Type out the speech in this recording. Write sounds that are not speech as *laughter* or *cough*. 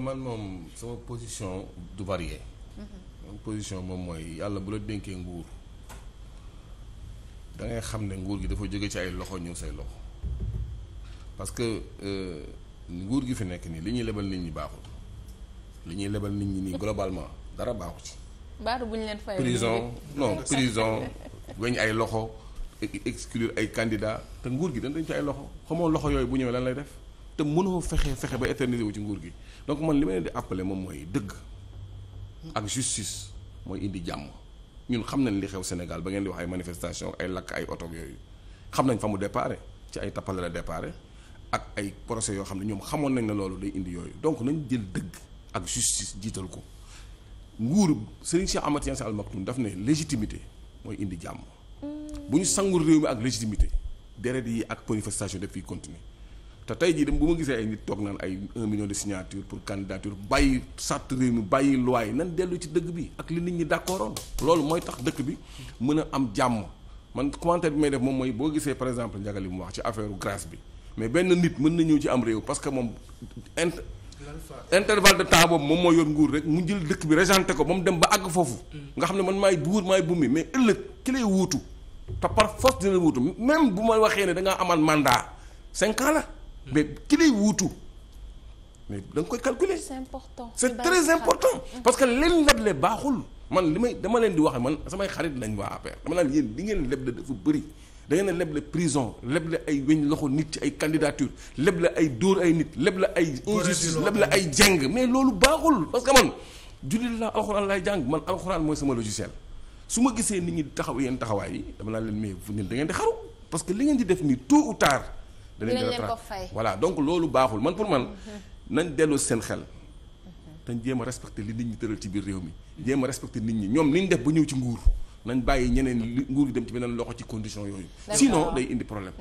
man moom sama position du varier. Mhm. sama position moom mooy yàlla bu la dénkee nguur dangay xam ne nguur gi dafa jóge ci ay loxo ñëw say loxo parce que euh, nguur gi fi nekk nii li ñuy lebal nit ñi baaxul li ñuy lebal nit ñi nii globalement dara baaxu ci. baaru bu ñu leen fay prison non *laughs* prison weñ ay loxo e-, e-, exclure ay candidats te nguur gi dañ dañ ci ay loxo xamoo loxo yooyu bu ñëwee lan lay def. te mënoo fexe fexe ba éterniser wu ci nguur gi donc man li ma leen di appelé moom mooy dëgg ak justice mooy indi jàmm ñun xam nañ li xew Sénégal ba ngeen di wax ay manifestation ay lakk ay oto yooyu xam nañ fa mu déparé ci ay tappale la ak ay procès yoo xam ne ñoom xamoon nañ ne loolu day indi yooyu donc nañ jël dëgg ak justice jiital ko nguur Serigne Cheikh Ahmadou Tidiane Sy Al Maktoum daf ne légitimité mooy indi jàmm bu ñu sangul réew mi ak légitimité deret yi ak manifestation daf fiy continuer te tey jii dem bu ma gisee ay nit toog naan ay un million de signature pour candidature bàyyi sàtt réew mi bàyyi loi yi nan dellu ci dëgg bi ak li nit ñi d'accordoon loolu mooy tax dëkk bi mën a am jàmm man commentaire bi may def moom mooy boo gisee par exemple njagal li mu wax ci affaire grâce bi mais benn nit mën na ñëw ci am parce que moom inter intervalle de temps boobu moom moo yor nguur rek mu jël dëkk bi régenté ko ba mu dem ba àgg foofu nga xam ne man maay buur maay bummi mais ëllëg ki lay wuutu te par force dina la wuutu même bu ma waxee ne da ngaa amal mandat cinq mais ki lay wuutu mais da nga koy calculer. c'est important c'est très important. Mm. parce que leen leble baaxul man li may dama leen di wax man samay xarit lañ waa APR dama naan yéen li ngeen leble dafa bëri. da ngeen a leble prison leble ay weñ loxo nit ci ay candidature leble ay dóor ay nit leble ay injustice leble ay jeng mais loolu baaxul parce que man jullit laa alxuraan laay jàng man alxuraan mooy sama logiciel su ma gisee nit ñi taxaw yeen taxawaay yi dama naa leen ngeen di xaru parce li ngeen di def nii tôt ou tard danañ leen ko voilà donc loolu baaxul man pour man nañ dellu seen xel te jéem a li nit ñi tëral ci biir réew mi jéem a respecté nit ñi ñoom li ñu def ba ñëw ci nguur nañ bàyyi ñeneen nguur gi dem ci beneen loxo ci condition yooyu sinon day indi problème